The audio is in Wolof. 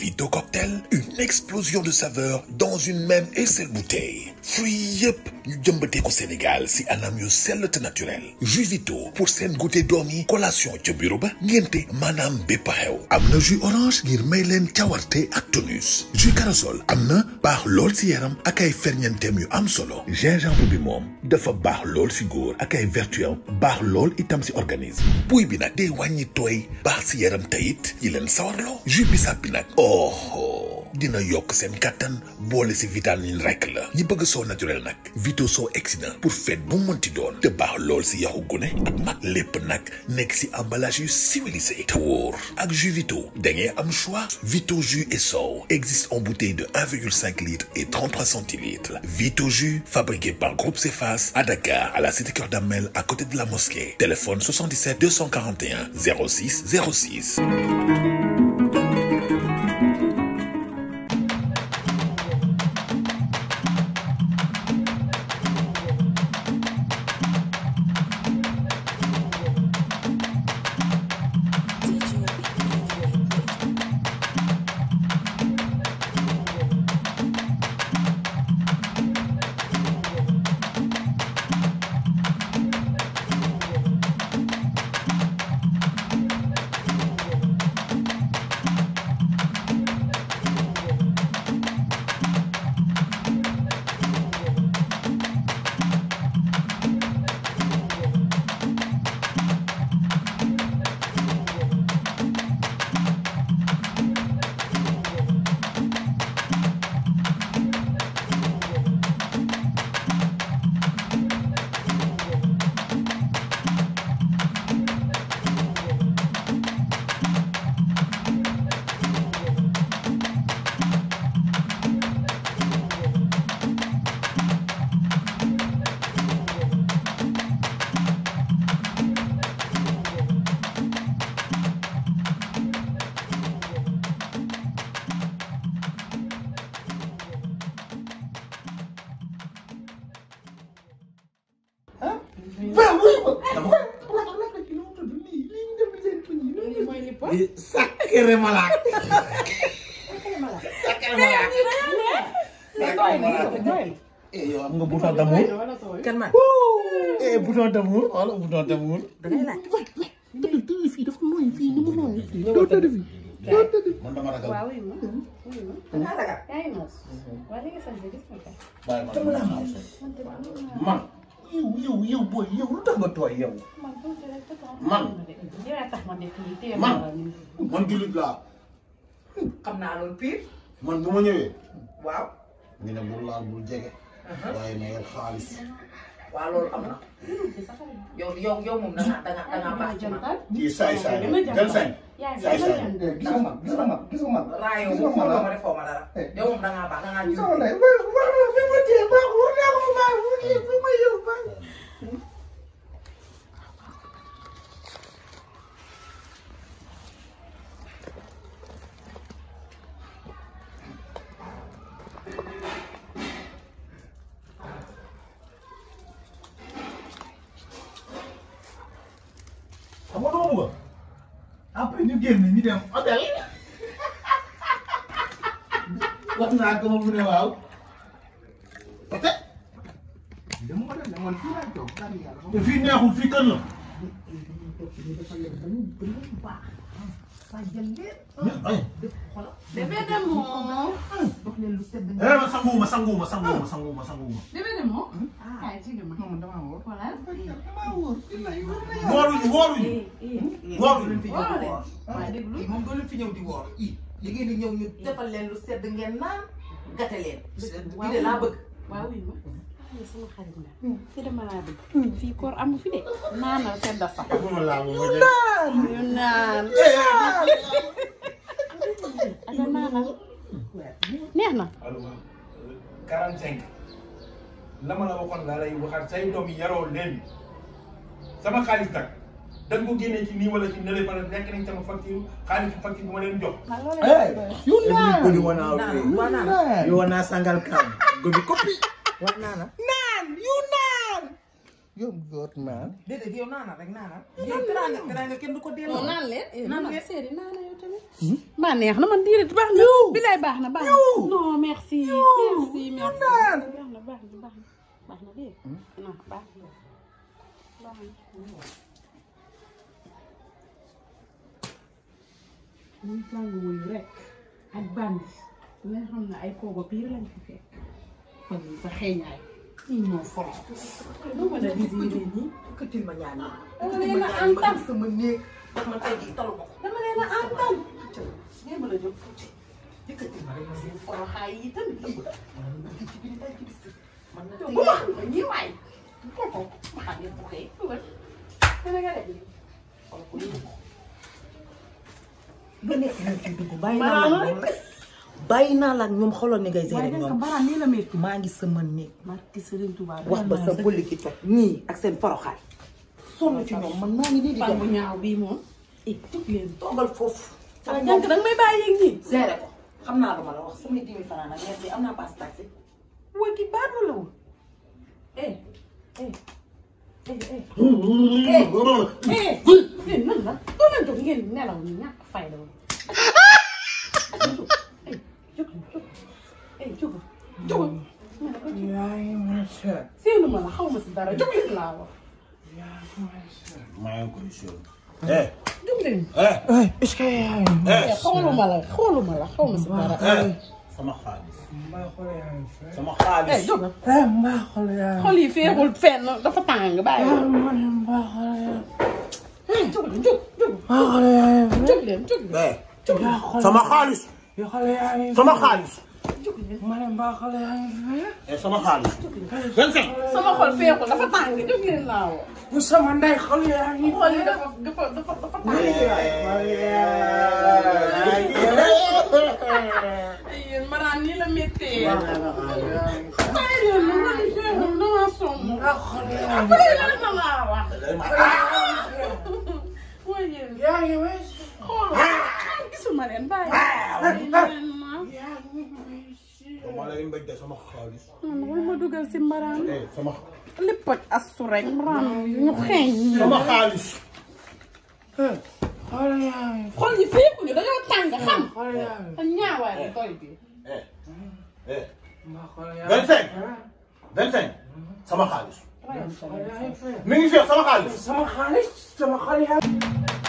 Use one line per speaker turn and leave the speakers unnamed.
Vito Cocktail, une explosion de saveurs dans une même et seule bouteille Free yep, yëpp ñu au ko Sénégal si anam yu mieux celle naturel jus Vito pour seen goûter dormi collation ca bureau ba Madame Bepaheo, bépp jus orange ngir may leen actonus. ak tonus jus Carasol amna, bar baax lool si yaram ak ay am solo gingembre bi de dafa baax lool si góor ak ay vertu baax lool itam si organisme buy bi nag day wàññi tooy baax si yaram tayit leen jus bissap bi Oh, oh dina yokk katan kattan boole si vitamine rek la ñi bëgg soo naturel nak Vito so excellent pour fête bu monti doon te bar l'ol si yaxu gune ak mag emballage civilisé Tour. jus Vito da ngay am Vito jus et so existe en bouteille de 1,5 litre et 33 centilitres Vito jus fabriqué par Groupe Cefas à Dakar à la cité cœur Damel à côté de la mosquée téléphone 77 241 06 06 Sakere malak. Sakere malak. Sakere malak. Eh, yow am nga bouton d'amour. Kan man. Eh, bouton yow yow yow booy yow lu tax nga tooy yow. man man man man jullit laa. xam naa loolu man bu ma ñëwee. waaw. ñu ne mu laal bul jege. waaye na yor xaalis. waaw loolu am na. yow yow yow moom da nga da nga da nga baax ci man. kii saay saay gën sañ. saay saay gis nga man gis nga man. gis nga man yow moom da ngaa baax da ngaa génn ñu dem não wax naa ko mu não waaw peut-être dama ko def man fii laa toog kan yàlla te fii neexul fii kër la Bébé Demo. Eh ma sanguma sanguma sanguma sanguma sanguma. Bébé Demo. Hmm? Ah jigéen ma. lu sedd ngeen naan gàtte leen. de laa bëgg waaw wuy ma yow sama xarit nga te dama laa amu fi de naanal sedda sax ñu naan aka naanal neex na quarante cinq la ma la waxoon laa lay waxaat say doom yi yaroo sama xaalis nag dan ko génnee ci nii wala ci nële ba nekk nañ sama facture xaalis facture bu ma leen jox. yu naan yu naan gënu koppi. wax naa la naan yu naan. yow góor naan. déedéet yow naana rek naana. yow teraanga teraanga kenn du ko delloo. naan leen naan leen séeri naana yow tamit. maa neex na man diirit baax na. bilaay baax na baax na. non merci. merci merci baax na baax na baax na baax na dégg non baax na baax na. muy jàng wuyu rek ak bandi nga xam ne ay kooba biir lañ fi fekk. fan yi sa xeeñaay ñii ñoo folo lu mën a gis yéene nii këtil ma ñaan dama leen a antal sama néeg ndax man tey jii mau ma ko dama leen a antal nee ma la jóg tuuti yëkkatil ma rek ma seen foro xaay yi tamit lii lii ci biir daal bàyyi naa la ñom ñoom xoolal ni ngay gérer ñoom ngi sama touba wax ba sa bëli ki toj ak seen foroxal sonu ci ñom man ma ngi di di bu ñaaw bii moom tëb leen toogal foofu jànk nag may baye yéeg ñii ko xamna la ma la wax sama dix francs nag ñetti amna pass taxi wo ki baat la woon eh eh eh eh eh eh, eh, eh, eh, eh, eh, eh, eh, eh, eh, eh jógal. yaa ngi may seet. séenu ma la xaw ma si dara jóg leen laa wax. yaa ngi may seet. maa ngi koy seet. eh. jóg eh. leen. Eh. eh est-ce que yaa ngi. eh, eh xooluma la xooluma la xaw ma si dara. sama xaalis. sama xaalis. eh jógal. eh mbaa xool yaa ngi. xool yi feexul fenn dafa tàng bàyyi. ah man mbaa xool yaa ngi. jóg jóg jóg. mbaa xool yaa ngi. jóg leen jóg leen. eh sama xaalis. sama xaalis. ma ne mbaa xale yaa ngi fi eh? Eh, sama xaalis. sama xol feexul dafa tàng jóg leen laa woo. bu sama ndey xol yaa ngi. xol yi dafa dafa dafa dafa tàng. Eh. yéen maraan nii la méttee. Ah, yaa ngi wees. xoolal ah, gisuma leen bàyyi. Ah. ma lay mbéj de sama xaalis. non ma dugal si mbaraan. Eh, sama li poj asu rek. mbaraan ñu xeeñ. sama xaalis. Eh, xool yi fépp ñu dañoo tàng xam. Eh, ñaawaay rek doy bi. vingt cinq. vingt cinq sama xaalis.
mi ngi sa sama xaalis.
sama xaalis sama xaalis.